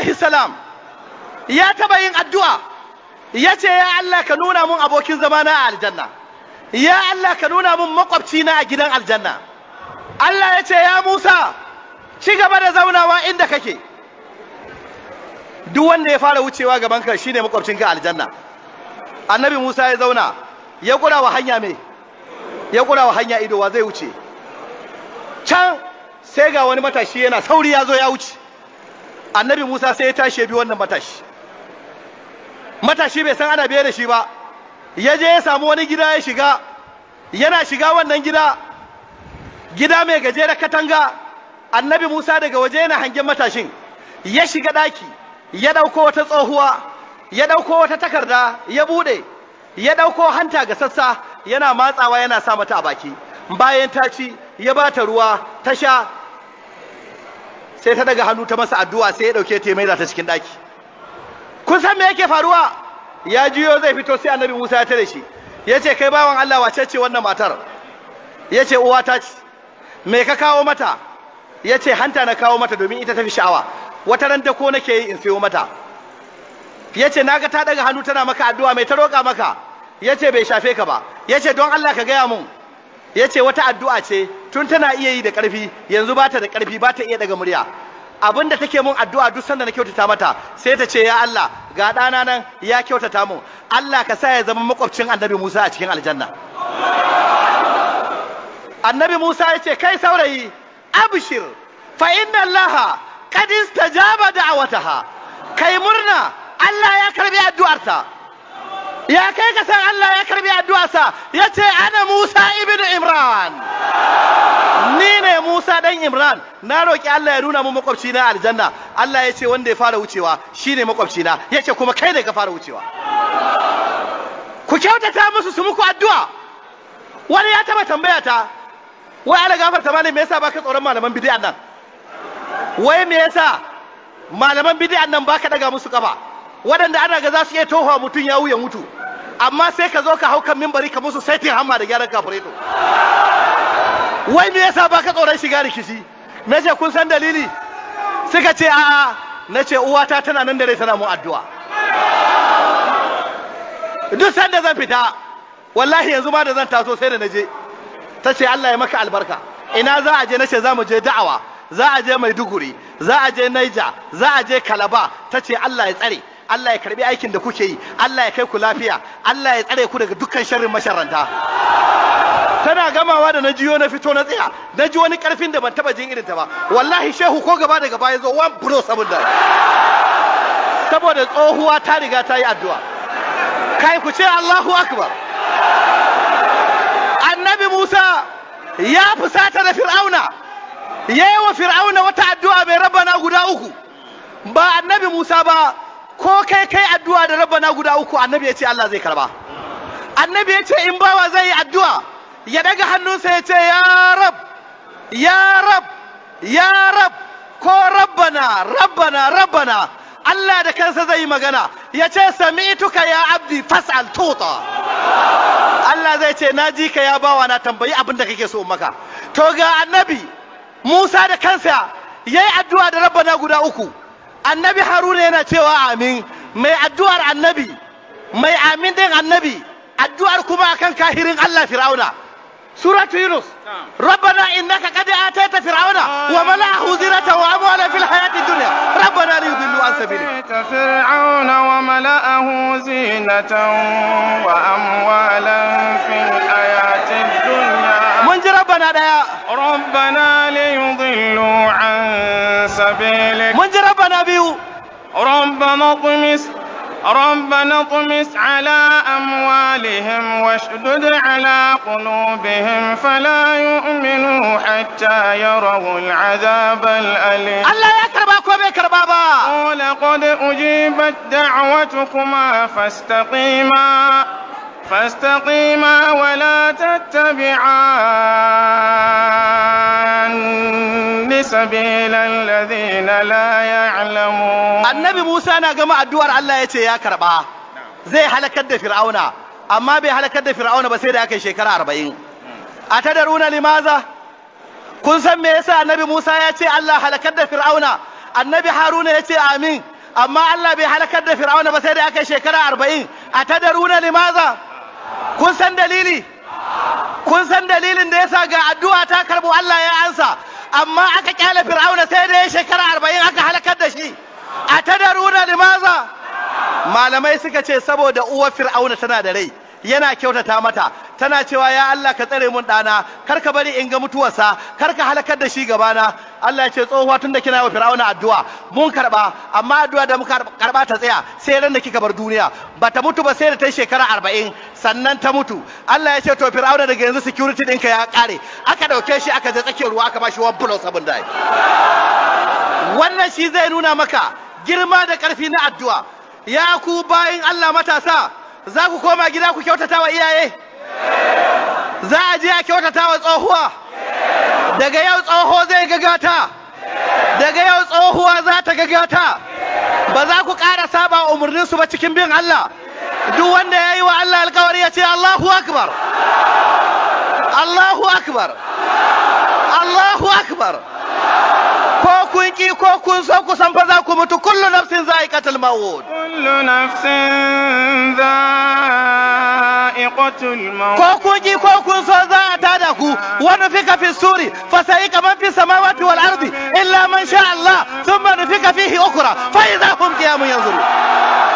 alaihi salam ya taba yin addu'a ya ce ya Allah ka nuna mun abokin zamana a aljanna ya Allah ka nuna mun makwabci na a gidan aljanna Allah ya ce ya Musa ci gaba da zaunawa inda kake duk wanda ya fara wucewa gaban ka shine ka aljanna annabi Musa ya zauna ya kura wa hanya me ya kura wa hanya ido wa zai wuce can sai ga wani matashi yana sauri ya zo ya wuce annabi musa sai ya tashi ya bi wannan matashi matashi bai san ana biye da shi ba ya je ya samu wani gida ya shiga yana shiga wannan gida gida mai da katanga annabi musa daga waje yana hangen matashin ya shiga ɗaki ya ɗauko wata tsohuwa ya ɗauko wata takarda ya buɗe ya ɗauko hanta ga sassa yana matsawa yana sa mata a baki bayan ta ci ya ba ta ruwa ta sha sai ta daga hannu ta masa addu'a sai ya dauke ta mai ta cikin daki kun san me yake faruwa ya jiyo zai fito sai annabi Musa ya tare shi yace kai bawan Allah wace ce wannan matar yace uwa ta ce me ka kawo mata yace hanta na kawo mata domin ita ta fi sha'awa wata ran da ko nake yi in sayo mata yace naga ta daga hannu tana maka addu'a mai ta roƙa maka yace bai shafe ka ba yace don Allah ka gaya mun ya ce wata addu'a ce tun tana iya yi da ƙarfi yanzu ba ta da ƙarfi ba ta iya daga murya abin da take mun addu'a duk sanda na kyautata mata sai ta ce ya Allah ga ɗana nan ya kyautata mun Allah ka sa ya zama makwabcin annabi Musa a cikin aljanna annabi Musa ya ce kai saurayi abshir fa inna Allah qad istajaba da'wataha kai murna Allah ya karbi addu'arta ya kai ka san Allah ya karbi addu'arsa ya ce ana Musa ibn Imran ni ne Musa dan Imran na roki Allah ya nuna mu makwabci na aljanna Allah ya ce wanda ya fara wucewa shine makwabci na ya ce kuma kai ne ka fara wucewa ku kyautata musu su muku addu'a wani ya taba tambaya ta wai ala gafarta malam me yasa baka tsoron malaman bid'a nan wai me yasa malaman bid'a nan baka daga musu kafa waɗanda ana ga za su iya tohuwa mutum ya wuya mutu amma sai ka zo ka hau kan mimbari ka musu saitin hamma da gyaran kafureto wai me yasa ba ka tsoron shiga rikici Me ce kun san dalili suka ce a'a na ce uwata tana nan da rai tana mun addu'a duk sanda zan fita wallahi yanzu ma da zan taso sai da na je ta ce Allah ya maka albarka ina za a je na ce za mu je da'awa za a je maiduguri za a je naija za a je kalaba ta ce Allah ya tsare Allah ya karbi aikin da kuke yi Allah ya kai ku lafiya Allah ya tsare ku daga dukkan sharrin masharanta tana gamawa da na jiyo na fito na tsaya na ji wani karfin da ban taba jin irin ta ba wallahi shehu ko gaba daga baya zo one bro saboda saboda tsohuwa ta riga ta yi addu'a kai ku ce Allahu akbar annabi Musa ya fusata da Fir'auna yayi wa Fir'auna wata addu'a mai rabana guda uku ba annabi Musa ba ko kai kai addu'a da rabbana guda uku annabi ya ce Allah zai karba annabi ya ce in bawa zai yi addu'a ya daga hannunsa ya ce ya rab ya rab ya rab ko rabbana rabbana rabbana Allah da kansa zai yi magana ya ce sami'tuka ya abdi fas'al tuta Allah zai ce na ji ka ya bawa na tambayi abin da kake so maka to ga annabi Musa da kansa yayi addu'a da rabbana guda uku annabi haruna yana cewa amin mai addu'ar annabi mai amin din annabi addu'ar kuma akan kahirin Allah fir'auna suratu yunus rabbana innaka qad ataita fir'auna wa mala'ahu zinatan wa amwalan fil hayati dunya rabbana li yudillu an sabilik fir'auna wa mala'ahu zinatan wa amwalan fil hayati dunya ربنا ديا ربنا ليضلوا عن سبيلك من ربنا بيو ربنا اطمس ربنا اطمس على أموالهم واشدد على قلوبهم فلا يؤمنوا حتى يروا العذاب الأليم الله يكرمك وبيكر بابا ولقد أجيبت دعوتكما فاستقيما فاستقيما ولا تتبعان سبيل الذين لا يعلمون النبي موسى جمع الدوار على يتي يا كربا نعم. زي حلقة فرعون أما بي حلقة فرعون بسير يا كشيكرا أربعين نعم. أتدرون لماذا كن سمي يسا النبي موسى يتي الله حلقة فرعون النبي حارون يتي آمين أما الله بي حلقة فرعون بسير يا كشيكرا أربعين أتدرون لماذا kun san dalili kun san dalilin da yasa ga addu'a ta karbo Allah ya ansa amma aka kyale fir'auna sai da ya shekara arba'in aka halakar da shi a tadaruna limaza malamai suka ce saboda uwar fir'auna tana da rai yana kyautata mata tana cewa ya Allah ka tsare mun dana kar ka bari in ga mutuwarsa kar ka halakar da shi gabana Allah ya ce tsohuwa tun da kina wa Fir'auna addu'a mun karba amma addu'a da muka karba ta tsaya sai ran da kika bar duniya ba ta mutu ba sai da ta shekara arba'in sannan ta mutu Allah ya ce to Fir'auna daga yanzu security ɗinka ya kare aka dauke shi aka je tsakiyar ruwa aka ba shi one plus abin da wannan shi zai nuna maka girma da ƙarfi na addu'a ya ku bayin Allah matasa za ku koma gida ku kyautata wa iyaye za a je a kyautata wa tsohuwa daga yau tsoho zai gagata daga yau tsohuwa za ta gagata ba za ku ƙara saba su ba cikin bin Allah duk wanda ya yi wa Allah alkawari ya ce Allahu akbar Allahu akbar Allahu akbar ko kun ki ko kun so ku san fa za ku mutu kullu nafsin za'iqatul maut kullu nafsin za'iqatul maut ko kun ki ko kun so za a tada ku wa nufika fi suri fa sa'iqa man fi samawati wal ardi illa man sha Allah thumma nufika fihi ukhra fa idha hum qiyamun yanzurun